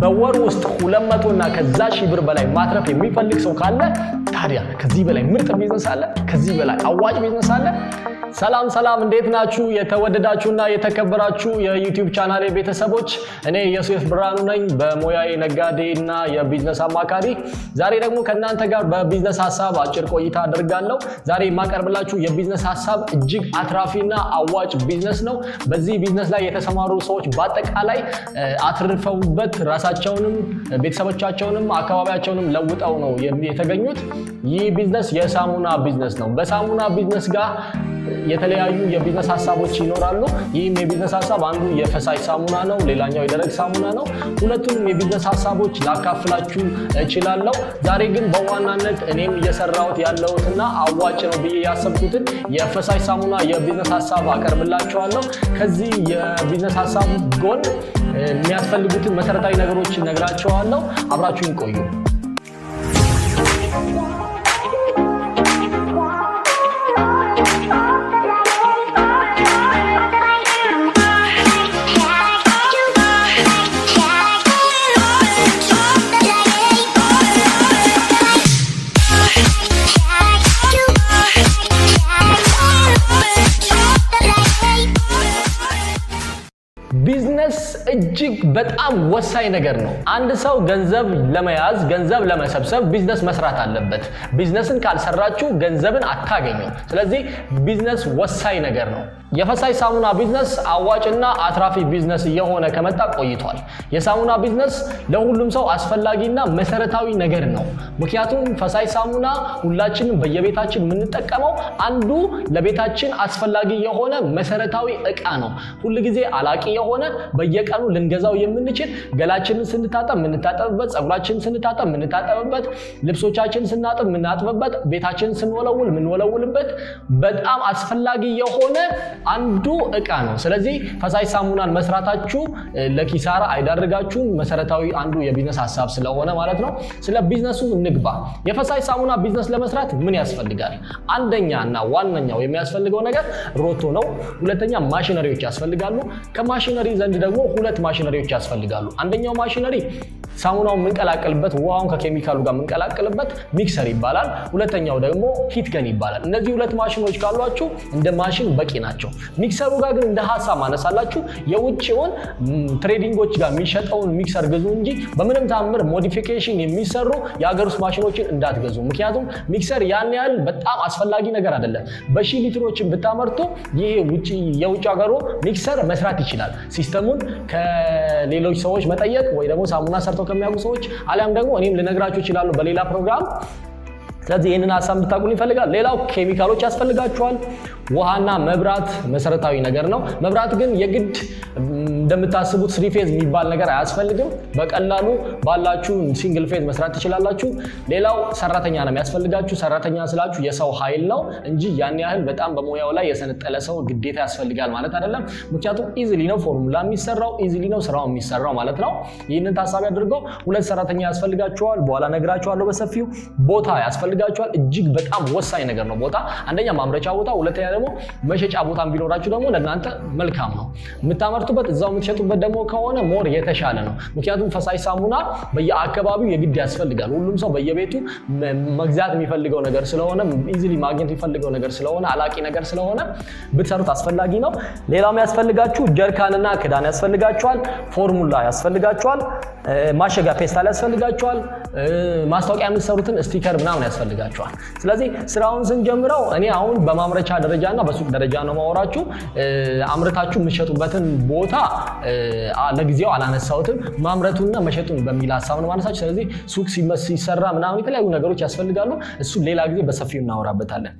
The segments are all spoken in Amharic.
በወር ውስጥ ሁለት መቶ እና ከዛ ሺህ ብር በላይ ማትረፍ የሚፈልግ ሰው ካለ ታዲያ ከዚህ በላይ ምርጥ ቢዝነስ አለ። ከዚህ በላይ አዋጭ ቢዝነስ አለ። ሰላም ሰላም፣ እንዴት ናችሁ? የተወደዳችሁና የተከበራችሁ የዩቲዩብ ቻናሌ ቤተሰቦች፣ እኔ የሱፍ ብርሃኑ ነኝ በሙያዬ ነጋዴ እና የቢዝነስ አማካሪ። ዛሬ ደግሞ ከእናንተ ጋር በቢዝነስ ሀሳብ አጭር ቆይታ አድርጋለሁ። ዛሬ የማቀርብላችሁ የቢዝነስ ሀሳብ እጅግ አትራፊና አዋጭ ቢዝነስ ነው። በዚህ ቢዝነስ ላይ የተሰማሩ ሰዎች በአጠቃላይ አትርፈውበት ራሳቸውንም ቤተሰቦቻቸውንም አካባቢያቸውንም ለውጠው ነው የተገኙት። ይህ ቢዝነስ የሳሙና ቢዝነስ ነው። በሳሙና ቢዝነስ ጋር የተለያዩ የቢዝነስ ሀሳቦች ይኖራሉ። ይህም የቢዝነስ ሀሳብ አንዱ የፈሳሽ ሳሙና ነው፣ ሌላኛው የደረቅ ሳሙና ነው። ሁለቱንም የቢዝነስ ሀሳቦች ላካፍላችሁ እችላለሁ። ዛሬ ግን በዋናነት እኔም እየሰራሁት ያለሁትና አዋጭ ነው ብዬ ያሰብኩትን የፈሳሽ ሳሙና የቢዝነስ ሀሳብ አቀርብላችኋለሁ። ከዚህ የቢዝነስ ሀሳብ ጎን የሚያስፈልጉትን መሰረታዊ ነገሮች እነግራችኋለሁ። አብራችሁን ቆዩ። ፋይናንስ እጅግ በጣም ወሳኝ ነገር ነው። አንድ ሰው ገንዘብ ለመያዝ ገንዘብ ለመሰብሰብ ቢዝነስ መስራት አለበት። ቢዝነስን ካልሰራችሁ ገንዘብን አታገኙ። ስለዚህ ቢዝነስ ወሳኝ ነገር ነው። የፈሳሽ ሳሙና ቢዝነስ አዋጭና አትራፊ ቢዝነስ እየሆነ ከመጣ ቆይቷል። የሳሙና ቢዝነስ ለሁሉም ሰው አስፈላጊና መሰረታዊ ነገር ነው። ምክንያቱም ፈሳሽ ሳሙና ሁላችንም በየቤታችን የምንጠቀመው አንዱ ለቤታችን አስፈላጊ የሆነ መሰረታዊ እቃ ነው። ሁልጊዜ አላቂ የሆነ በየቀኑ ልንገዛው የምንችል ገላችንን ስንታጠብ የምንታጠብበት፣ ጸጉራችንን ስንታጠብ የምንታጠብበት፣ ልብሶቻችን ስናጥብ የምናጥብበት፣ ቤታችንን ስንወለውል የምንወለውልበት በጣም አስፈላጊ የሆነ አንዱ እቃ ነው። ስለዚህ ፈሳሽ ሳሙናን መስራታችሁ ለኪሳራ አይዳርጋችሁም። መሰረታዊ አንዱ የቢዝነስ ሀሳብ ስለሆነ ማለት ነው። ስለ ቢዝነሱ ንግባ። የፈሳሽ ሳሙና ቢዝነስ ለመስራት ምን ያስፈልጋል? አንደኛ እና ዋነኛው የሚያስፈልገው ነገር ሮቶ ነው። ሁለተኛ ማሽነሪዎች ያስፈልጋሉ። ከማሽነሪ ዘንድ ደግሞ ሁለት ማሽነሪዎች ያስፈልጋሉ። አንደኛው ማሽነሪ ሳሙናውን የምንቀላቀልበት ውሃውን ከኬሚካሉ ጋር የምንቀላቀልበት ሚክሰር ይባላል። ሁለተኛው ደግሞ ሂት ገን ይባላል። እነዚህ ሁለት ማሽኖች ካሏችሁ እንደ ማሽን በቂ ናቸው። ሚክሰሩ ጋር ግን እንደ ሀሳብ ማነሳላችሁ የውጭውን ትሬዲንጎች ጋር የሚሸጠውን ሚክሰር ግዙ እንጂ በምንም ታምር ሞዲፊኬሽን የሚሰሩ የሀገር ውስጥ ማሽኖችን እንዳትገዙ። ምክንያቱም ሚክሰር ያን ያህል በጣም አስፈላጊ ነገር አይደለም። በሺ ሊትሮችን ብታመርቱ ይሄ የውጭ ሀገሩ ሚክሰር መስራት ይችላል። ሲስተሙን ከሌሎች ሰዎች መጠየቅ ወይ ደግሞ ሳሙና ሰርተው ከሚያውቁ ሰዎች አሊያም ደግሞ እኔም ልነግራችሁ ይችላሉ በሌላ ፕሮግራም ስለዚህ ይህንን ሀሳብ እንድታቁን ይፈልጋል። ሌላው ኬሚካሎች ያስፈልጋችኋል። ውሃና መብራት መሰረታዊ ነገር ነው። መብራት ግን የግድ እንደምታስቡት ስሪ ፌዝ የሚባል ነገር አያስፈልግም። በቀላሉ ባላችሁ ሲንግል ፌዝ መስራት ትችላላችሁ። ሌላው ሰራተኛ ነው የሚያስፈልጋችሁ። ሰራተኛ ስላችሁ የሰው ኃይል ነው እንጂ ያን ያህል በጣም በሙያው ላይ የሰነጠለ ሰው ግዴታ ያስፈልጋል ማለት አይደለም። ምክንያቱም ኢዚሊ ነው ፎርሙላ የሚሰራው፣ ኢዚሊ ነው ስራው የሚሰራው ማለት ነው። ይህንን ታሳቢ አድርገው ሁለት ሰራተኛ ያስፈልጋችኋል። በኋላ ነግራቸዋለሁ በሰፊው ቦታ ያስፈልጋል ያስፈልጋችኋል። እጅግ በጣም ወሳኝ ነገር ነው ቦታ። አንደኛ ማምረቻ ቦታ፣ ሁለተኛ ደግሞ መሸጫ ቦታ ቢኖራችሁ ደግሞ ለእናንተ መልካም ነው። የምታመርቱበት እዛው የምትሸጡበት ደግሞ ከሆነ ሞር የተሻለ ነው። ምክንያቱም ፈሳሽ ሳሙና በየአካባቢው የግድ ያስፈልጋል። ሁሉም ሰው በየቤቱ መግዛት የሚፈልገው ነገር ስለሆነ ኢዚሊ ማግኘት የሚፈልገው ነገር ስለሆነ አላቂ ነገር ስለሆነ ብትሰሩት አስፈላጊ ነው። ሌላም ያስፈልጋችሁ ጀርካንና ክዳን ያስፈልጋችኋል። ፎርሙላ ያስፈልጋችኋል። ማሸጋ ፔስታል ያስፈልጋችኋል። ማስታወቂያ የምትሰሩትን ስቲከር ምናምን ያስፈልጋል። ያስፈልጋቸዋል። ስለዚህ ስራውን ስንጀምረው እኔ አሁን በማምረቻ ደረጃና በሱቅ ደረጃ ነው ማወራችሁ። አምርታችሁ የምትሸጡበትን ቦታ ለጊዜው አላነሳሁትም። ማምረቱና መሸጡን በሚል ሀሳብ ነው ማነሳችሁ። ስለዚህ ሱቅ ሲሰራ ምናምን የተለያዩ ነገሮች ያስፈልጋሉ። እሱ ሌላ ጊዜ በሰፊው እናወራበታለን።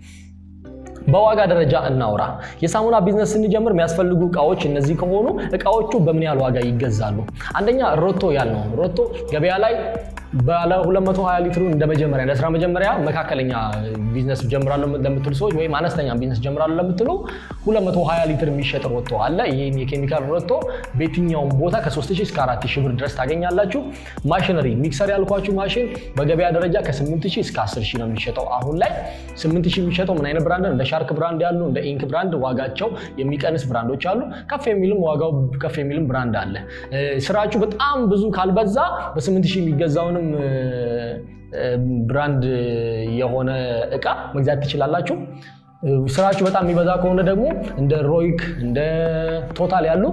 በዋጋ ደረጃ እናውራ። የሳሙና ቢዝነስ ስንጀምር የሚያስፈልጉ እቃዎች እነዚህ ከሆኑ እቃዎቹ በምን ያህል ዋጋ ይገዛሉ? አንደኛ ሮቶ ያልነው ሮቶ ገበያ ላይ ባለ 220 ሊትሩ እንደ መጀመሪያ እንደ ስራ መጀመሪያ መካከለኛ ቢዝነስ ጀምራለሁ ለምትሉ ሰዎች ወይም አነስተኛ ቢዝነስ ጀምራለሁ ለምትሉ 220 ሊትር የሚሸጥ ሮቶ አለ። ይህን የኬሚካል ሮቶ በየትኛውም ቦታ ከ3000 እስከ 4000 ብር ድረስ ታገኛላችሁ። ማሽነሪ ሚክሰር ያልኳችሁ ማሽን በገበያ ደረጃ ከ8000 እስከ 10000 ነው የሚሸጠው። አሁን ላይ 8000 የሚሸጠው ምን አይነት ብራንድ? እንደ ሻርክ ብራንድ ያሉ እንደ ኢንክ ብራንድ ዋጋቸው የሚቀንስ ብራንዶች አሉ። ከፍ የሚልም ዋጋው ከፍ የሚልም ብራንድ አለ። ስራችሁ በጣም ብዙ ካልበዛ በ8000 የሚገዛውንም የትኛውንም ብራንድ የሆነ እቃ መግዛት ትችላላችሁ። ስራችሁ በጣም የሚበዛ ከሆነ ደግሞ እንደ ሮይክ እንደ ቶታል ያሉ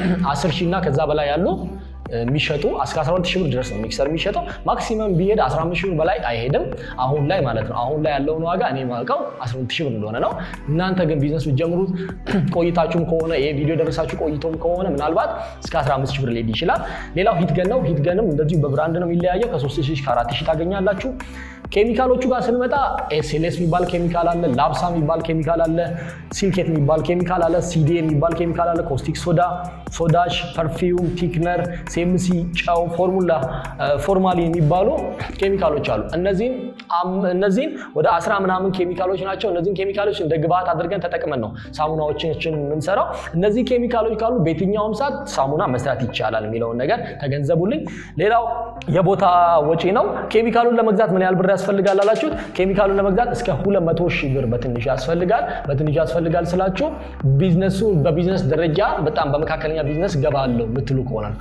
አስር ሺህ እና ከዛ በላይ ያሉ የሚሸጡ እስከ 12 ሺህ ብር ድረስ ነው ሚክሰር የሚሸጠው። ማክሲመም ቢሄድ 15 ሺህ ብር በላይ አይሄድም፣ አሁን ላይ ማለት ነው። አሁን ላይ ያለውን ዋጋ እኔ የማውቀው 12 ሺህ ብር እንደሆነ ነው። እናንተ ግን ቢዝነስ ብትጀምሩት ቆይታችሁም ከሆነ ይሄ ቪዲዮ ደረሳችሁ ቆይቶም ከሆነ ምናልባት እስከ 15 ሺህ ብር ሊሄድ ይችላል። ሌላው ሂትገን ነው። ሂትገንም እንደዚሁ በብራንድ ነው የሚለያየው። ከ3 ሺህ ከ4 ሺህ ታገኛላችሁ። ኬሚካሎቹ ጋር ስንመጣ ኤስኤልኤስ የሚባል ኬሚካል አለ፣ ላብሳ የሚባል ኬሚካል አለ፣ ሲልኬት የሚባል ኬሚካል አለ፣ ሲዲ የሚባል ኬሚካል አለ፣ ኮስቲክ ሶዳ፣ ሶዳሽ፣ ፐርፊውም፣ ቲክነር ሲኤምሲ፣ ጨው፣ ፎርሙላ ፎርማሊ የሚባሉ ኬሚካሎች አሉ። እነዚህም ወደ አስራ ምናምን ኬሚካሎች ናቸው። እነዚህን ኬሚካሎች እንደ ግብዓት አድርገን ተጠቅመን ነው ሳሙናዎችን የምንሰራው። እነዚህ ኬሚካሎች ካሉ በየትኛውም ሰዓት ሳሙና መስራት ይቻላል የሚለውን ነገር ተገንዘቡልኝ። ሌላው የቦታ ወጪ ነው። ኬሚካሉን ለመግዛት ምን ያህል ብር ያስፈልጋል አላችሁት? ኬሚካሉን ለመግዛት እስከ 200 ሺ ሺህ ብር በትንሽ ያስፈልጋል። በትንሽ ያስፈልጋል ስላችሁ ቢዝነሱ በቢዝነስ ደረጃ በጣም በመካከለኛ ቢዝነስ ገባለሁ የምትሉ ከሆነ ነው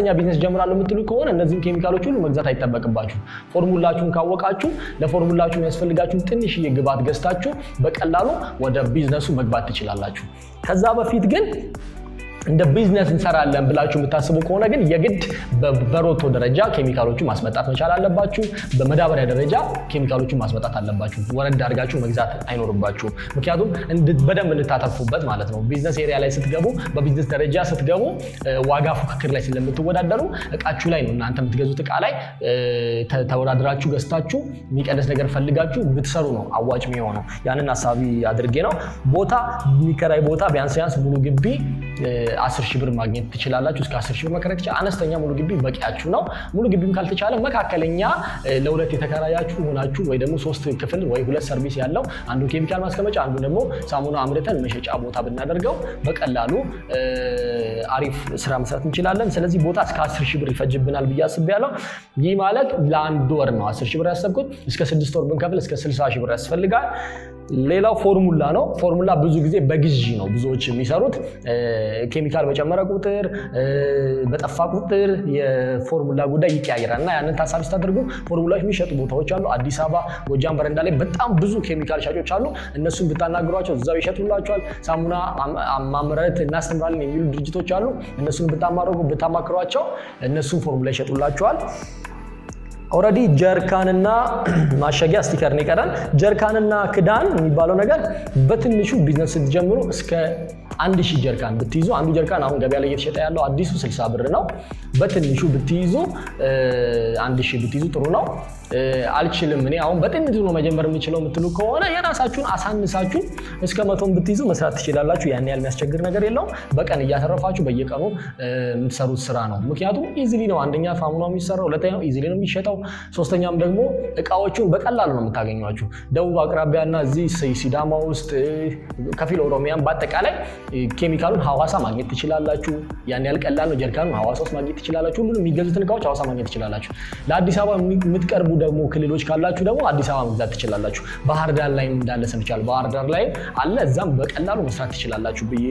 አነስተኛ ቢዝነስ ጀምራለሁ የምትሉ ከሆነ እነዚህም ኬሚካሎች ሁሉ መግዛት አይጠበቅባችሁ። ፎርሙላችሁን ካወቃችሁ ለፎርሙላችሁ የሚያስፈልጋችሁን ትንሽዬ ግብዓት ገዝታችሁ በቀላሉ ወደ ቢዝነሱ መግባት ትችላላችሁ። ከዛ በፊት ግን እንደ ቢዝነስ እንሰራለን ብላችሁ የምታስቡ ከሆነ ግን የግድ በሮቶ ደረጃ ኬሚካሎቹ ማስመጣት መቻል አለባችሁ። በመዳበሪያ ደረጃ ኬሚካሎቹ ማስመጣት አለባችሁ። ወረድ አድርጋችሁ መግዛት አይኖርባችሁም። ምክንያቱም በደንብ እንታተርፉበት ማለት ነው። ቢዝነስ ኤሪያ ላይ ስትገቡ፣ በቢዝነስ ደረጃ ስትገቡ ዋጋ ፉክክር ላይ ስለምትወዳደሩ እቃችሁ ላይ ነው እናንተ የምትገዙት እቃ ላይ ተወዳድራችሁ ገዝታችሁ የሚቀንስ ነገር ፈልጋችሁ ብትሰሩ ነው አዋጭ የሚሆነው። ያንን አሳቢ አድርጌ ነው ቦታ የሚከራይ ቦታ ቢያንስ ቢያንስ ሙሉ ግቢ አስር ሺህ ብር ማግኘት ትችላላችሁ። እስከ አስር ሺህ ብር መከራየት ትችላ አነስተኛ ሙሉ ግቢ በቂያችሁ ነው። ሙሉ ግቢም ካልተቻለ መካከለኛ ለሁለት የተከራያችሁ ሆናችሁ ወይ ደግሞ ሶስት ክፍል ወይ ሁለት ሰርቪስ ያለው አንዱ ኬሚካል ማስቀመጫ፣ አንዱ ደግሞ ሳሙና አምርተን መሸጫ ቦታ ብናደርገው በቀላሉ አሪፍ ስራ መስራት እንችላለን። ስለዚህ ቦታ እስከ አስር ሺህ ብር ይፈጅብናል ብዬ አስቤያለሁ። ይህ ማለት ለአንድ ወር ነው አስር ሺህ ብር ያሰብኩት። እስከ ስድስት ወር ብንከፍል እስከ ስልሳ ሺህ ብር ያስፈልጋል። ሌላው ፎርሙላ ነው። ፎርሙላ ብዙ ጊዜ በግዢ ነው ብዙዎች የሚሰሩት። ኬሚካል በጨመረ ቁጥር በጠፋ ቁጥር የፎርሙላ ጉዳይ ይቀያየራል እና ያንን ታሳቢ ስታደርጉ ፎርሙላዎች የሚሸጡ ቦታዎች አሉ። አዲስ አበባ፣ ጎጃም በረንዳ ላይ በጣም ብዙ ኬሚካል ሻጮች አሉ። እነሱን ብታናግሯቸው እዛው ይሸጡላቸዋል። ሳሙና ማምረት እናስተምራለን የሚሉ ድርጅቶች አሉ። እነሱን ብታማክሯቸው እነሱን ፎርሙላ ይሸጡላቸዋል። ኦረዲ ጀርካንና ማሸጊያ ስቲከር ነው ይቀራል። ጀርካንና ክዳን የሚባለው ነገር በትንሹ ቢዝነስ ስትጀምሩ እስከ አንድ ሺህ ጀሪካን ብትይዙ አንዱ ጀሪካን አሁን ገበያ ላይ እየተሸጠ ያለው አዲሱ 60 ብር ነው። በትንሹ ብትይዙ አንድ ሺህ ብትይዙ ጥሩ ነው። አልችልም እኔ አሁን በጥንት ነው መጀመር የምችለው የምትሉ ከሆነ የራሳችሁን አሳንሳችሁ እስከ መቶን ብትይዙ መስራት ትችላላችሁ። ያን ያህል የሚያስቸግር ነገር የለውም። በቀን እያተረፋችሁ በየቀኑ የምትሰሩት ስራ ነው። ምክንያቱም ኢዚሊ ነው። አንደኛ ፋሙና የሚሰራው፣ ሁለተኛው ኢዚሊ ነው የሚሸጠው፣ ሶስተኛም ደግሞ እቃዎቹን በቀላሉ ነው የምታገኟቸው። ደቡብ አቅራቢያና እዚህ ሲዳማ ውስጥ ከፊል ኦሮሚያን በአጠቃላይ ኬሚካሉን ሐዋሳ ማግኘት ትችላላችሁ። ያን ያህል ቀላል ነው። ጀሪካኑን ሐዋሳ ውስጥ ማግኘት ትችላላችሁ። ሁሉንም የሚገዙትን እቃዎች ሐዋሳ ማግኘት ትችላላችሁ። ለአዲስ አበባ የምትቀርቡ ደግሞ ክልሎች ካላችሁ ደግሞ አዲስ አበባ መግዛት ትችላላችሁ። ባህር ዳር ላይም እንዳለ ሰምቻለሁ። ባህር ዳር ላይ አለ። እዛም በቀላሉ መስራት ትችላላችሁ ብዬ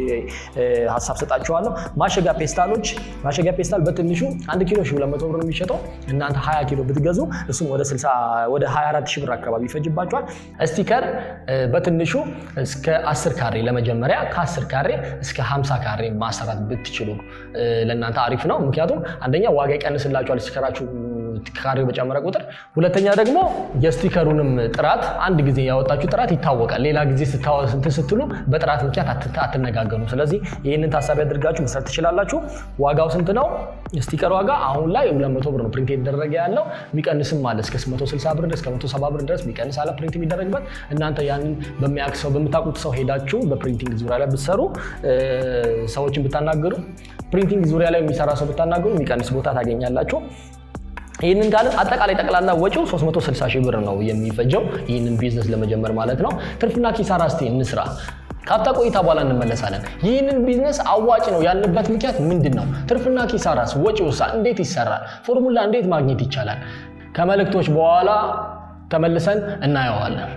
ሀሳብ ሰጣችኋለሁ። ማሸጋ ፔስታሎች ማሸጋ ፔስታል በትንሹ አንድ ኪሎ ሺ ሁለት መቶ ብር ነው የሚሸጠው። እናንተ ሀያ ኪሎ ብትገዙ እሱም ወደ 60 ወደ 24 ሺ ብር አካባቢ ይፈጅባችኋል። ስቲከር በትንሹ እስከ አስር ካሬ ለመጀመሪያ ከአስር ካሬ ካሬ እስከ 50 ካሬ ማሰራት ብትችሉ ለእናንተ አሪፍ ነው። ምክንያቱም አንደኛ ዋጋ ይቀንስላችኋል ስከራችሁ ካሬው በጨመረ ቁጥር፣ ሁለተኛ ደግሞ የስቲከሩንም ጥራት አንድ ጊዜ ያወጣችሁ ጥራት ይታወቃል። ሌላ ጊዜ እንትን ስትሉ በጥራት ምክንያት አትነጋገሩ። ስለዚህ ይህንን ታሳቢ አድርጋችሁ መስራት ትችላላችሁ። ዋጋው ስንት ነው? ስቲከር ዋጋ አሁን ላይ 200 ብር ነው ፕሪንት የተደረገ ያለው። የሚቀንስም አለ እስከ 160 ብር እስከ 170 ብር ድረስ የሚቀንስ አለ ፕሪንት የሚደረግበት። እናንተ ያንን በሚያውቅ በምታቁት በምታውቁት ሰው ሄዳችሁ በፕሪንቲንግ ዙሪያ ላይ ብትሰሩ ሰዎችን ብታናገሩ ፕሪንቲንግ ዙሪያ ላይ የሚሰራ ሰው ብታናገሩ የሚቀንስ ቦታ ታገኛላችሁ። ይህንን ካልን አጠቃላይ ጠቅላላ ወጪው 360 ሺህ ብር ነው የሚፈጀው ይህንን ቢዝነስ ለመጀመር ማለት ነው። ትርፍና ኪሳራ እስቲ እንስራ። ካፍታ ቆይታ በኋላ እንመለሳለን። ይህንን ቢዝነስ አዋጭ ነው ያለበት ምክንያት ምንድን ነው? ትርፍና ኪሳራስ፣ ወጪውሳ እንዴት ይሰራል? ፎርሙላ እንዴት ማግኘት ይቻላል? ከመልእክቶች በኋላ ተመልሰን እናየዋለን።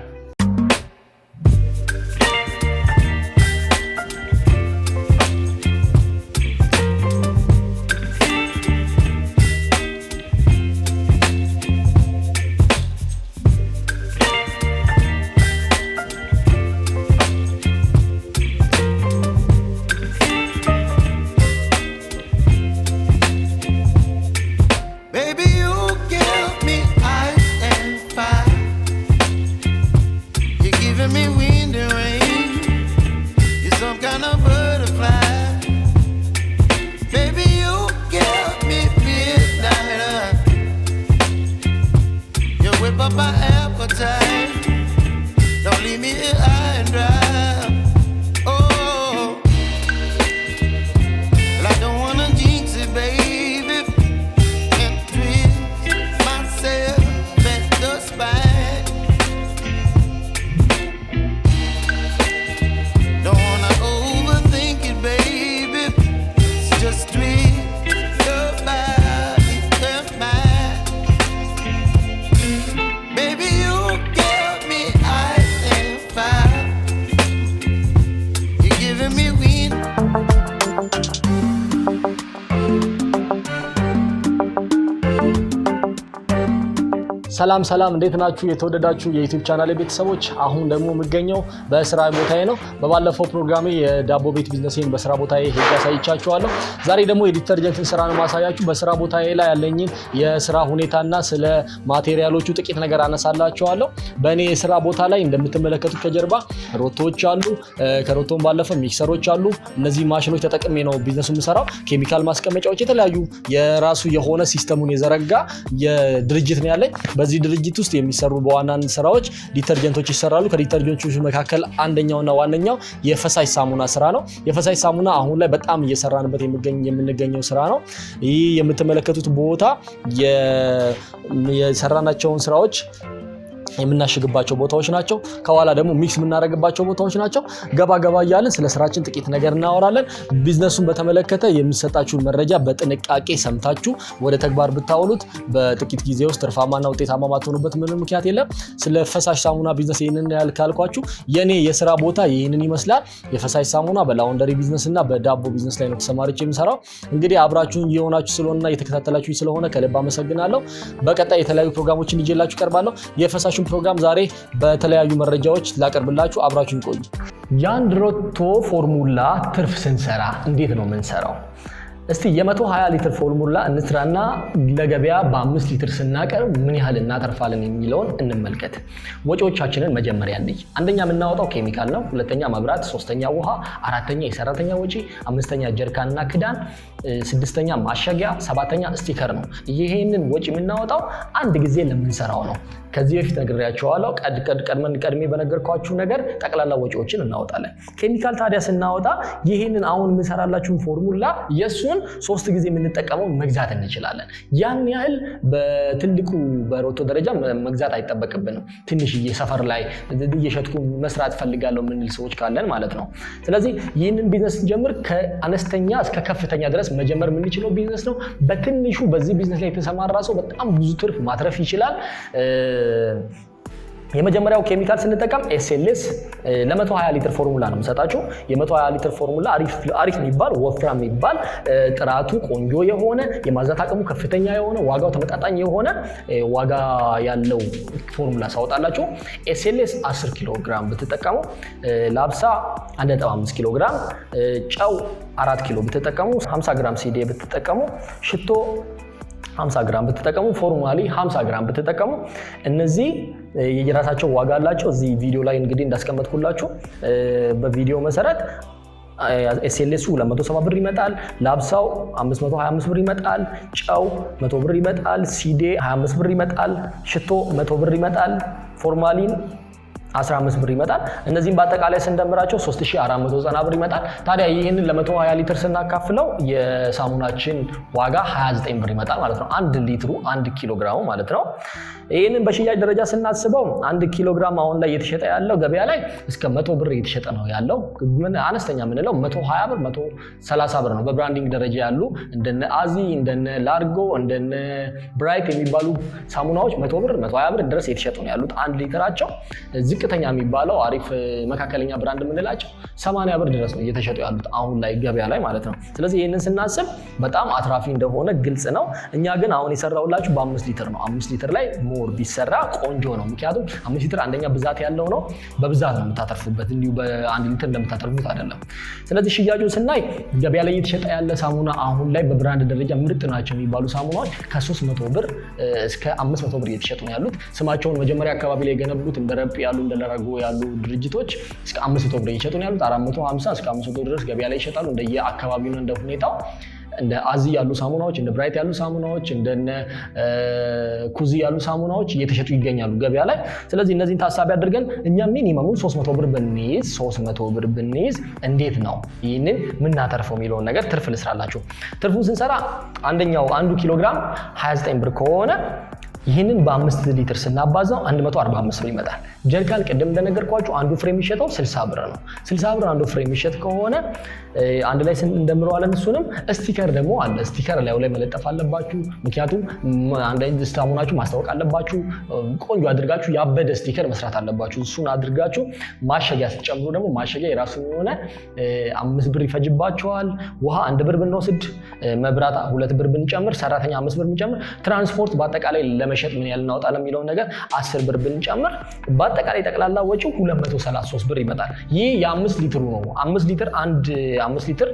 ሰላም ሰላም፣ እንዴት ናችሁ? የተወደዳችሁ የዩቲዩብ ቻናል ቤተሰቦች፣ አሁን ደግሞ የምገኘው በስራ ቦታዬ ነው። በባለፈው ፕሮግራሜ የዳቦ ቤት ቢዝነሴን በስራ ቦታዬ ሄጄ አሳይቻችኋለሁ። ዛሬ ደግሞ የዲተርጀንትን ስራ ነው ማሳያችሁ። በስራ ቦታዬ ላይ ያለኝን የስራ ሁኔታና ስለ ማቴሪያሎቹ ጥቂት ነገር አነሳላችኋለሁ። በእኔ የስራ ቦታ ላይ እንደምትመለከቱት ከጀርባ ሮቶዎች አሉ። ከሮቶን ባለፈ ሚክሰሮች አሉ። እነዚህ ማሽኖች ተጠቅሜ ነው ቢዝነሱ የምሰራው። ኬሚካል ማስቀመጫዎች፣ የተለያዩ የራሱ የሆነ ሲስተሙን የዘረጋ ድርጅት ነው ያለኝ በዚህ ድርጅት ውስጥ የሚሰሩ በዋናን ስራዎች ዲተርጀንቶች ይሰራሉ። ከዲተርጀንቶች መካከል አንደኛውና ዋነኛው የፈሳሽ ሳሙና ስራ ነው። የፈሳሽ ሳሙና አሁን ላይ በጣም እየሰራንበት የምንገኘው ስራ ነው። ይህ የምትመለከቱት ቦታ የሰራናቸውን ስራዎች የምናሽግባቸው ቦታዎች ናቸው። ከኋላ ደግሞ ሚክስ የምናደርግባቸው ቦታዎች ናቸው። ገባ ገባ እያለን ስለ ስራችን ጥቂት ነገር እናወራለን። ቢዝነሱን በተመለከተ የሚሰጣችሁን መረጃ በጥንቃቄ ሰምታችሁ ወደ ተግባር ብታውሉት በጥቂት ጊዜ ውስጥ ትርፋማና ውጤታማ ማትሆኑበት ምንም ምክንያት የለም። ስለ ፈሳሽ ሳሙና ቢዝነስ ይህንን ያህል ካልኳችሁ የኔ የስራ ቦታ ይህንን ይመስላል። የፈሳሽ ሳሙና በላውንደሪ ቢዝነስ እና በዳቦ ቢዝነስ ላይ ነው ተሰማርቼ የምሰራው። እንግዲህ አብራችሁን የሆናችሁ ስለሆነና የተከታተላችሁ ስለሆነ ከልብ አመሰግናለሁ። በቀጣይ የተለያዩ ፕሮግራሞችን ይዤላችሁ ቀርባለሁ። የፈሳሹ የቴሌቪዥን ፕሮግራም ዛሬ በተለያዩ መረጃዎች ላቀርብላችሁ። አብራችሁን ቆዩ። የአንድ ሮቶ ፎርሙላ ትርፍ ስንሰራ እንዴት ነው የምንሰራው? እስቲ የ120 ሊትር ፎርሙላ እንስራና ለገበያ በአምስት ሊትር ስናቀርብ ምን ያህል እናተርፋለን የሚለውን እንመልከት። ወጪዎቻችንን መጀመሪያ ልይ። አንደኛ የምናወጣው ኬሚካል ነው፣ ሁለተኛ መብራት፣ ሶስተኛ ውሃ፣ አራተኛ የሰራተኛ ወጪ፣ አምስተኛ ጀሪካንና ክዳን፣ ስድስተኛ ማሸጊያ፣ ሰባተኛ ስቲከር ነው። ይሄንን ወጪ የምናወጣው አንድ ጊዜ ለምንሰራው ነው። ከዚህ በፊት ነግሬያቸዋለሁ። ቀድመን ቀድሜ በነገርኳችሁ ነገር ጠቅላላ ወጪዎችን እናወጣለን። ኬሚካል ታዲያ ስናወጣ ይህንን አሁን የምንሰራላችሁን ፎርሙላ የእሱን ሶስት ጊዜ የምንጠቀመው መግዛት እንችላለን። ያን ያህል በትልቁ በሮቶ ደረጃ መግዛት አይጠበቅብንም። ትንሽዬ ሰፈር ላይ እየሸጥኩ መስራት ፈልጋለሁ የምንል ሰዎች ካለን ማለት ነው። ስለዚህ ይህንን ቢዝነስ ስንጀምር ከአነስተኛ እስከ ከፍተኛ ድረስ መጀመር የምንችለው ቢዝነስ ነው። በትንሹ በዚህ ቢዝነስ ላይ የተሰማራ ሰው በጣም ብዙ ትርፍ ማትረፍ ይችላል። የመጀመሪያው ኬሚካል ስንጠቀም ኤስኤልኤስ ለ120 ሊትር ፎርሙላ ነው የምሰጣችሁ። የ120 ሊትር ፎርሙላ አሪፍ የሚባል ወፍራም የሚባል ጥራቱ ቆንጆ የሆነ የማዛት አቅሙ ከፍተኛ የሆነ ዋጋው ተመጣጣኝ የሆነ ዋጋ ያለው ፎርሙላ ሳወጣላችሁ ኤስኤልኤስ 10 ኪሎ ግራም ብትጠቀሙ ላብሳ 15 ኪሎ ግራም፣ ጨው 4 ኪሎ ብትጠቀሙ፣ 50 ግራም ሲዴ ብትጠቀሙ፣ ሽቶ 50 ግራም ብትጠቀሙ፣ ፎርማሊ 50 ግራም ብትጠቀሙ እነዚህ የራሳቸው ዋጋ አላቸው። እዚህ ቪዲዮ ላይ እንግዲህ እንዳስቀመጥኩላችሁ በቪዲዮ መሰረት ኤስኤልሱ 270 ብር ይመጣል። ላብሳው 525 ብር ይመጣል። ጨው 100 ብር ይመጣል። ሲዴ 25 ብር ይመጣል። ሽቶ 100 ብር ይመጣል። ፎርማሊን 15 ብር ይመጣል። እነዚህም በአጠቃላይ ስንደምራቸው 3490 ብር ይመጣል። ታዲያ ይህንን ለ120 ሊትር ስናካፍለው የሳሙናችን ዋጋ 29 ብር ይመጣል ማለት ነው። አንድ ሊትሩ አንድ ኪሎ ግራሙ ማለት ነው። ይህንን በሽያጭ ደረጃ ስናስበው አንድ ኪሎ ግራም አሁን ላይ እየተሸጠ ያለው ገበያ ላይ እስከ መቶ ብር እየተሸጠ ነው ያለው። አነስተኛ የምንለው 120 ብር 130 ብር ነው። በብራንዲንግ ደረጃ ያሉ እንደነ አዚ፣ እንደነ ላርጎ፣ እንደነ ብራይት የሚባሉ ሳሙናዎች 100 ብር 120 ብር ድረስ እየተሸጡ ነው ያሉት አንድ ሊትራቸው ዝቅተኛ የሚባለው አሪፍ መካከለኛ ብራንድ የምንላቸው ሰማንያ ብር ድረስ ነው እየተሸጡ ያሉት አሁን ላይ ገበያ ላይ ማለት ነው። ስለዚህ ይህንን ስናስብ በጣም አትራፊ እንደሆነ ግልጽ ነው። እኛ ግን አሁን የሰራውላችሁ በአምስት ሊትር ነው። አምስት ሊትር ላይ ሞር ቢሰራ ቆንጆ ነው። ምክንያቱም አምስት ሊትር አንደኛ ብዛት ያለው ነው። በብዛት ነው የምታተርፉበት፣ እንዲሁ በአንድ ሊትር እንደምታተርፉት አይደለም። ስለዚህ ሽያጩ ስናይ ገበያ ላይ እየተሸጠ ያለ ሳሙና አሁን ላይ በብራንድ ደረጃ ምርጥ ናቸው የሚባሉ ሳሙናዎች ከ300 ብር እስከ 500 ብር እየተሸጡ ነው ያሉት። ስማቸውን መጀመሪያ አካባቢ ላይ የገነቡት እንደ ያሉ እንደደረጉ ያሉ ድርጅቶች እስከ አምስት መቶ ብር እየሸጡ ነው ያሉት። አራት መቶ ሀምሳ እስከ አምስት መቶ ድረስ ገበያ ላይ ይሸጣሉ። እንደየ አካባቢው እንደ ሁኔታው እንደ አዚ ያሉ ሳሙናዎች፣ እንደ ብራይት ያሉ ሳሙናዎች፣ እንደነ ኩዚ ያሉ ሳሙናዎች እየተሸጡ ይገኛሉ ገበያ ላይ። ስለዚህ እነዚህን ታሳቢ አድርገን እኛ ሚኒመሙን 300 ብር ብንይዝ 300 ብር ብንይዝ እንዴት ነው ይህንን ምናተርፈው የሚለውን ነገር ትርፍ ልስራላችሁ። ትርፉን ስንሰራ አንደኛው አንዱ ኪሎግራም 29 ብር ከሆነ ይህንን በአምስት ሊትር ስናባዛው 145 ብር ይመጣል። ጀሪካን ቅድም እንደነገርኳችሁ አንዱ ፍሬ የሚሸጠው 60 ብር ነው። 60 ብር አንዱ ፍሬ የሚሸጥ ከሆነ አንድ ላይ እንደምረዋለን። እሱንም ስቲከር ደግሞ አለ። ስቲከር ላዩ ላይ መለጠፍ አለባችሁ። ምክንያቱም አንድ ላይ ስታሙናችሁ ማስታወቅ አለባችሁ። ቆንጆ አድርጋችሁ ያበደ ስቲከር መስራት አለባችሁ። እሱን አድርጋችሁ ማሸጊያ ስትጨምሩ ደግሞ ማሸጊያ የራሱ የሆነ አምስት ብር ይፈጅባቸዋል። ውሃ አንድ ብር ብንወስድ፣ መብራት ሁለት ብር ብንጨምር፣ ሰራተኛ አምስት ብር ብንጨምር፣ ትራንስፖርት በአጠቃላይ ለመሸጥ ምን ያህል እናወጣለን የሚለውን ነገር አስር ብር ብንጨምር በአጠቃላይ ጠቅላላ ወጪው 233 ብር ይመጣል። ይህ የአምስት ሊትሩ ነው። አምስት ሊትር አንድ አምስት ሊትር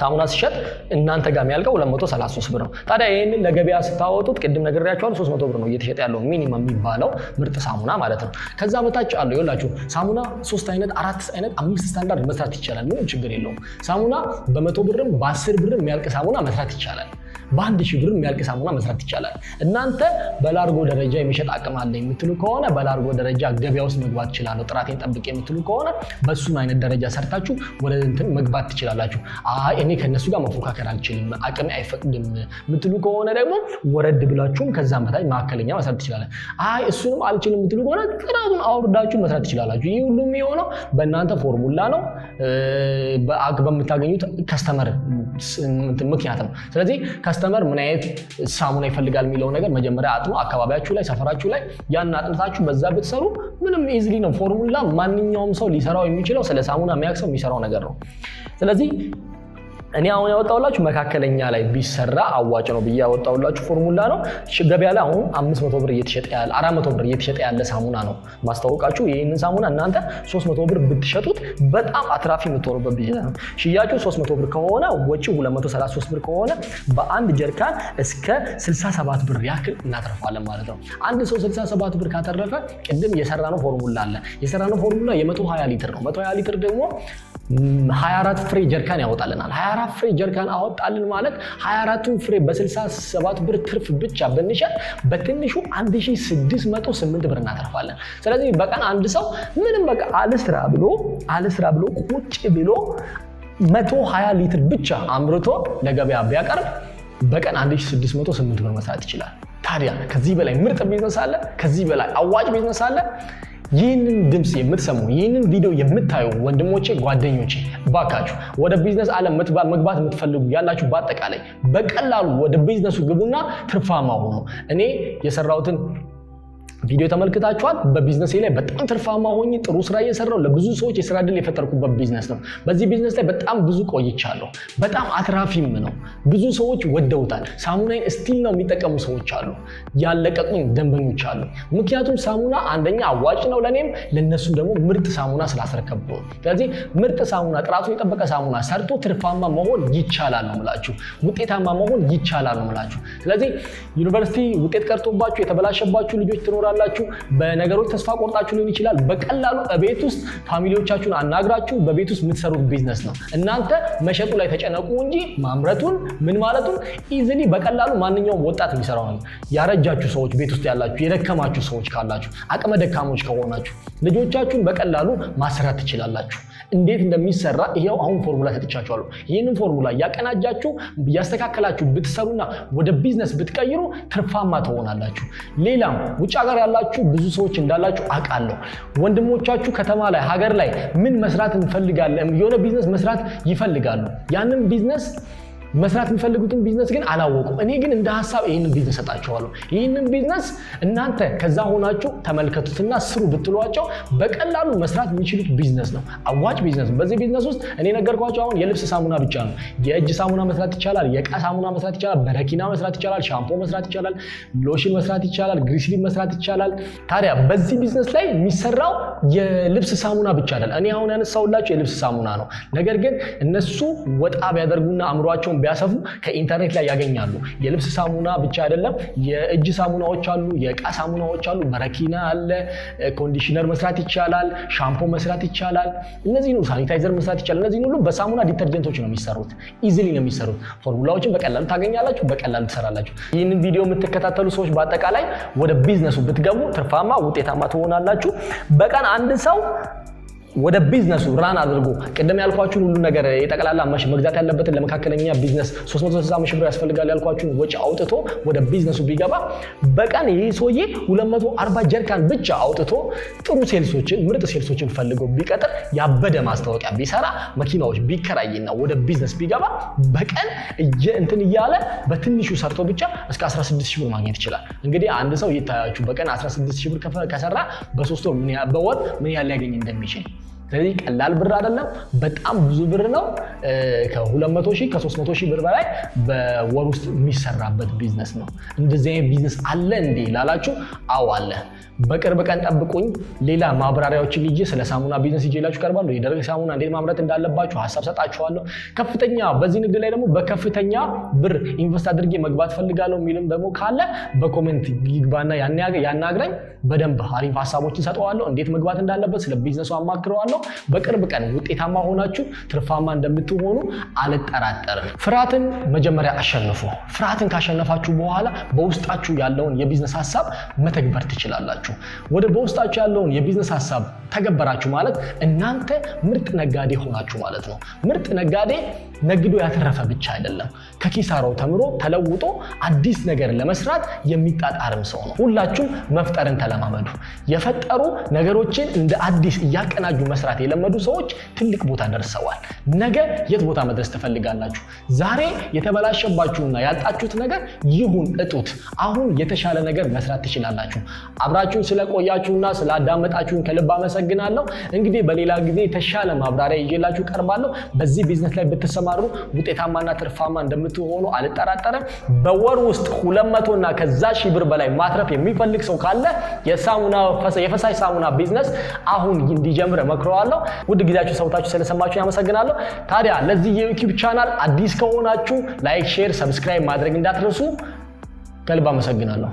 ሳሙና ሲሸጥ እናንተ ጋር የሚያልቀው 233 ብር ነው። ታዲያ ይህንን ለገበያ ስታወጡት ቅድም ነግሬያቸዋል፣ 300 ብር ነው እየተሸጠ ያለው ሚኒመም የሚባለው ምርጥ ሳሙና ማለት ነው። ከዛ በታች አለው ይኸውላችሁ፣ ሳሙና ሶስት አይነት፣ አራት አይነት፣ አምስት ስታንዳርድ መስራት ይቻላል። ምንም ችግር የለውም። ሳሙና በመቶ ብርም በአስር ብርም የሚያልቅ ሳሙና መስራት ይቻላል። በአንድ ሺህ ብር የሚያልቅ ሳሙና መስራት ይቻላል። እናንተ በላርጎ ደረጃ የመሸጥ አቅም አለ የምትሉ ከሆነ በላርጎ ደረጃ ገበያ ውስጥ መግባት ትችላለሁ፣ ጥራቴን ጠብቅ የምትሉ ከሆነ በሱም አይነት ደረጃ ሰርታችሁ ወደ እንትን መግባት ትችላላችሁ። እኔ ከእነሱ ጋር መፎካከር አልችልም፣ አቅሜ አይፈቅድም የምትሉ ከሆነ ደግሞ ወረድ ብላችሁም ከዛም በታች መካከለኛ መስራት ትችላለን። አይ እሱንም አልችልም የምትሉ ከሆነ ጥራቱን አውርዳችሁ መስራት ትችላላችሁ። ይህ ሁሉም የሆነው በእናንተ ፎርሙላ ነው፣ በምታገኙት ከስተመር ምክንያት ነው። ስለዚህ ከስተመር ምን አይነት ሳሙና ይፈልጋል የሚለው ነገር መጀመሪያ አጥኖ አካባቢያችሁ ላይ ሰፈራችሁ ላይ ያን አጥንታችሁ በዛ ብትሰሩ ምንም ኢዝሊ ነው። ፎርሙላ ማንኛውም ሰው ሊሰራው የሚችለው ስለ ሳሙና የሚያቅሰው የሚሰራው ነገር ነው። ስለዚህ እኔ አሁን ያወጣውላችሁ መካከለኛ ላይ ቢሰራ አዋጭ ነው ብዬ ያወጣውላችሁ ፎርሙላ ነው። ገበያ ላይ አሁን 500 ብር እየተሸጠ ያለ 400 ብር እየተሸጠ ያለ ሳሙና ነው ማስታወቃችሁ። ይህንን ሳሙና እናንተ 300 ብር ብትሸጡት በጣም አትራፊ የምትሆኑበት ቢዝነስ ነው። ሽያጩ 300 ብር ከሆነ ወጪ 233 ብር ከሆነ በአንድ ጀርካን እስከ 67 ብር ያክል እናተርፋለን ማለት ነው። አንድ ሰው 67 ብር ካተረፈ ቅድም የሰራነው ፎርሙላ አለ። የሰራነው ፎርሙላ የ120 ሊትር ነው። 120 ሊትር ደግሞ 24 ፍሬ ጀርካን ያወጣልናል። 24 ፍሬ ጀርካን አወጣልን ማለት 24ቱን ፍሬ በ67 ብር ትርፍ ብቻ ብንሸጥ በትንሹ 1608 ብር እናተርፋለን። ስለዚህ በቀን አንድ ሰው ምንም በቃ አልስራ ብሎ አልስራ ብሎ ቁጭ ብሎ 120 ሊትር ብቻ አምርቶ ለገበያ ቢያቀርብ በቀን 1608 ብር መስራት ይችላል። ታዲያ ከዚህ በላይ ምርጥ ቢዝነስ አለ? ከዚህ በላይ አዋጭ ቢዝነስ አለ? ይህንን ድምፅ የምትሰሙ ይህንን ቪዲዮ የምታዩ ወንድሞቼ፣ ጓደኞቼ ባካችሁ ወደ ቢዝነስ ዓለም መግባት የምትፈልጉ ያላችሁ በአጠቃላይ በቀላሉ ወደ ቢዝነሱ ግቡና ትርፋማ ሆኑ። እኔ የሰራሁትን ቪዲዮ ተመልክታችኋል። በቢዝነሴ ላይ በጣም ትርፋማ ሆኜ ጥሩ ስራ እየሰራው ለብዙ ሰዎች የስራ እድል የፈጠርኩበት ቢዝነስ ነው። በዚህ ቢዝነስ ላይ በጣም ብዙ ቆይቻለሁ። በጣም አትራፊም ነው። ብዙ ሰዎች ወደውታል። ሳሙና ስቲል ነው የሚጠቀሙ ሰዎች አሉ። ያለቀቁኝ ደንበኞች አሉ። ምክንያቱም ሳሙና አንደኛ አዋጭ ነው ለእኔም ለእነሱም ደግሞ ምርጥ ሳሙና ስላስረከብ። ስለዚህ ምርጥ ሳሙና፣ ጥራቱ የጠበቀ ሳሙና ሰርቶ ትርፋማ መሆን ይቻላል ነው የምላችሁ። ውጤታማ መሆን ይቻላል ነው የምላችሁ። ስለዚህ ዩኒቨርሲቲ ውጤት ቀርቶባችሁ የተበላሸባችሁ ልጆች ትኖራ ትኖራላችሁ። በነገሮች ተስፋ ቆርጣችሁ ሊሆን ይችላል። በቀላሉ ቤት ውስጥ ፋሚሊዎቻችሁን አናግራችሁ በቤት ውስጥ የምትሰሩት ቢዝነስ ነው። እናንተ መሸጡ ላይ ተጨነቁ እንጂ ማምረቱን ምን ማለቱን ኢዝሊ በቀላሉ ማንኛውም ወጣት የሚሰራው ነው። ያረጃችሁ ሰዎች ቤት ውስጥ ያላችሁ የደከማችሁ ሰዎች ካላችሁ አቅመ ደካሞች ከሆናችሁ ልጆቻችሁን በቀላሉ ማሰራት ትችላላችሁ። እንዴት እንደሚሰራ ይሄው አሁን ፎርሙላ ሰጥቻችኋለሁ። ይህንን ፎርሙላ እያቀናጃችሁ እያስተካከላችሁ ብትሰሩና ወደ ቢዝነስ ብትቀይሩ ትርፋማ ትሆናላችሁ። ሌላም ውጭ ሀገር ያላችሁ ብዙ ሰዎች እንዳላችሁ አውቃለሁ። ወንድሞቻችሁ ከተማ ላይ ሀገር ላይ ምን መስራት እንፈልጋለን የሆነ ቢዝነስ መስራት ይፈልጋሉ። ያንን ቢዝነስ መስራት የሚፈልጉትን ቢዝነስ ግን አላወቁም። እኔ ግን እንደ ሀሳብ ይህንን ቢዝነስ ሰጣቸዋለሁ። ይህንን ቢዝነስ እናንተ ከዛ ሆናችሁ ተመልከቱትና ስሩ ብትሏቸው በቀላሉ መስራት የሚችሉት ቢዝነስ ነው፣ አዋጭ ቢዝነስ ነው። በዚህ ቢዝነስ ውስጥ እኔ ነገርኳቸው። አሁን የልብስ ሳሙና ብቻ ነው። የእጅ ሳሙና መስራት ይቻላል። የእቃ ሳሙና መስራት ይቻላል። በረኪና መስራት ይቻላል። ሻምፖ መስራት ይቻላል። ሎሽን መስራት ይቻላል። ግሪስሊ መስራት ይቻላል። ታዲያ በዚህ ቢዝነስ ላይ የሚሰራው የልብስ ሳሙና ብቻ አይደል። እኔ አሁን ያነሳውላቸው የልብስ ሳሙና ነው። ነገር ግን እነሱ ወጣ ቢያደርጉና አእምሯቸውን ሳሙናውን ቢያሰፉ ከኢንተርኔት ላይ ያገኛሉ። የልብስ ሳሙና ብቻ አይደለም፣ የእጅ ሳሙናዎች አሉ፣ የእቃ ሳሙናዎች አሉ፣ በረኪና አለ፣ ኮንዲሽነር መስራት ይቻላል፣ ሻምፖ መስራት ይቻላል። እነዚህ ነው ሳኒታይዘር መስራት ይቻላል። እነዚህ ሁሉ በሳሙና ዲተርጀንቶች ነው የሚሰሩት። ኢዚሊ ነው የሚሰሩት። ፎርሙላዎችን በቀላሉ ታገኛላችሁ፣ በቀላሉ ትሰራላችሁ። ይህንን ቪዲዮ የምትከታተሉ ሰዎች በአጠቃላይ ወደ ቢዝነሱ ብትገቡ ትርፋማ ውጤታማ ትሆናላችሁ። በቀን አንድ ሰው ወደ ቢዝነሱ ራን አድርጎ ቅድም ያልኳችሁን ሁሉ ነገር የጠቅላላ መግዛት ያለበትን ለመካከለኛ ቢዝነስ 360 ሺህ ብር ያስፈልጋል ያልኳችሁን ወጪ አውጥቶ ወደ ቢዝነሱ ቢገባ በቀን ይህ ሰውዬ 240 ጀሪካን ብቻ አውጥቶ ጥሩ ሴልሶችን ምርጥ ሴልሶችን ፈልጎ ቢቀጥር ያበደ ማስታወቂያ ቢሰራ መኪናዎች ቢከራይና ወደ ቢዝነስ ቢገባ በቀን እንትን እያለ በትንሹ ሰርቶ ብቻ እስከ 16 ሺህ ብር ማግኘት ይችላል። እንግዲህ አንድ ሰው ይታያችሁ በቀን 16 ሺህ ብር ከሰራ በሶስት ወር በወር ምን ያህል ሊያገኝ እንደሚችል ስለዚህ ቀላል ብር አይደለም፣ በጣም ብዙ ብር ነው። ከ200 ሺህ ከ300 ሺህ ብር በላይ በወር ውስጥ የሚሰራበት ቢዝነስ ነው። እንደዚህ አይነት ቢዝነስ አለ እንዴ ላላችሁ፣ አዎ አለ። በቅርብ ቀን ጠብቁኝ፣ ሌላ ማብራሪያዎችን ይዤ ስለ ሳሙና ቢዝነስ ይዤላችሁ ቀርባለሁ። የደረቅ ሳሙና እንዴት ማምረት እንዳለባችሁ ሀሳብ ሰጣችኋለሁ። ከፍተኛ በዚህ ንግድ ላይ ደግሞ በከፍተኛ ብር ኢንቨስት አድርጌ መግባት ፈልጋለሁ የሚልም ደግሞ ካለ በኮሜንት ይግባና ያናግረኝ። በደንብ አሪፍ ሀሳቦችን ሰጠዋለሁ። እንዴት መግባት እንዳለበት ስለ ቢዝነሱ አማክረዋለሁ። ሰው በቅርብ ቀን ውጤታማ ሆናችሁ ትርፋማ እንደምትሆኑ አልጠራጠርም። ፍርሃትን መጀመሪያ አሸንፉ። ፍርሃትን ካሸነፋችሁ በኋላ በውስጣችሁ ያለውን የቢዝነስ ሀሳብ መተግበር ትችላላችሁ። ወደ በውስጣችሁ ያለውን የቢዝነስ ሀሳብ ተገበራችሁ ማለት እናንተ ምርጥ ነጋዴ ሆናችሁ ማለት ነው። ምርጥ ነጋዴ ነግዶ ያተረፈ ብቻ አይደለም። ከኪሳራው ተምሮ ተለውጦ አዲስ ነገር ለመስራት የሚጣጣርም ሰው ነው። ሁላችሁም መፍጠርን ተለማመዱ። የፈጠሩ ነገሮችን እንደ አዲስ እያቀናጁ መስራት መስራት የለመዱ ሰዎች ትልቅ ቦታ ደርሰዋል። ነገ የት ቦታ መድረስ ትፈልጋላችሁ? ዛሬ የተበላሸባችሁና ያጣችሁት ነገር ይሁን እጡት። አሁን የተሻለ ነገር መስራት ትችላላችሁ። አብራችሁን ስለቆያችሁና ስላዳመጣችሁን ከልብ አመሰግናለሁ። እንግዲህ በሌላ ጊዜ የተሻለ ማብራሪያ ይዤላችሁ ቀርባለሁ። በዚህ ቢዝነስ ላይ ብትሰማሩ ውጤታማና ትርፋማ እንደምትሆኑ አልጠራጠረም። በወር ውስጥ ሁለት መቶና ከዛ ሺህ ብር በላይ ማትረፍ የሚፈልግ ሰው ካለ የሳሙና የፈሳሽ ሳሙና ቢዝነስ አሁን እንዲጀምር መክረዋል። አቀርበዋለሁ። ውድ ጊዜያችሁ ሰውታችሁ ስለሰማችሁ ያመሰግናለሁ። ታዲያ ለዚህ የዩቲዩብ ቻናል አዲስ ከሆናችሁ ላይክ፣ ሼር፣ ሰብስክራይብ ማድረግ እንዳትረሱ። ከልብ አመሰግናለሁ።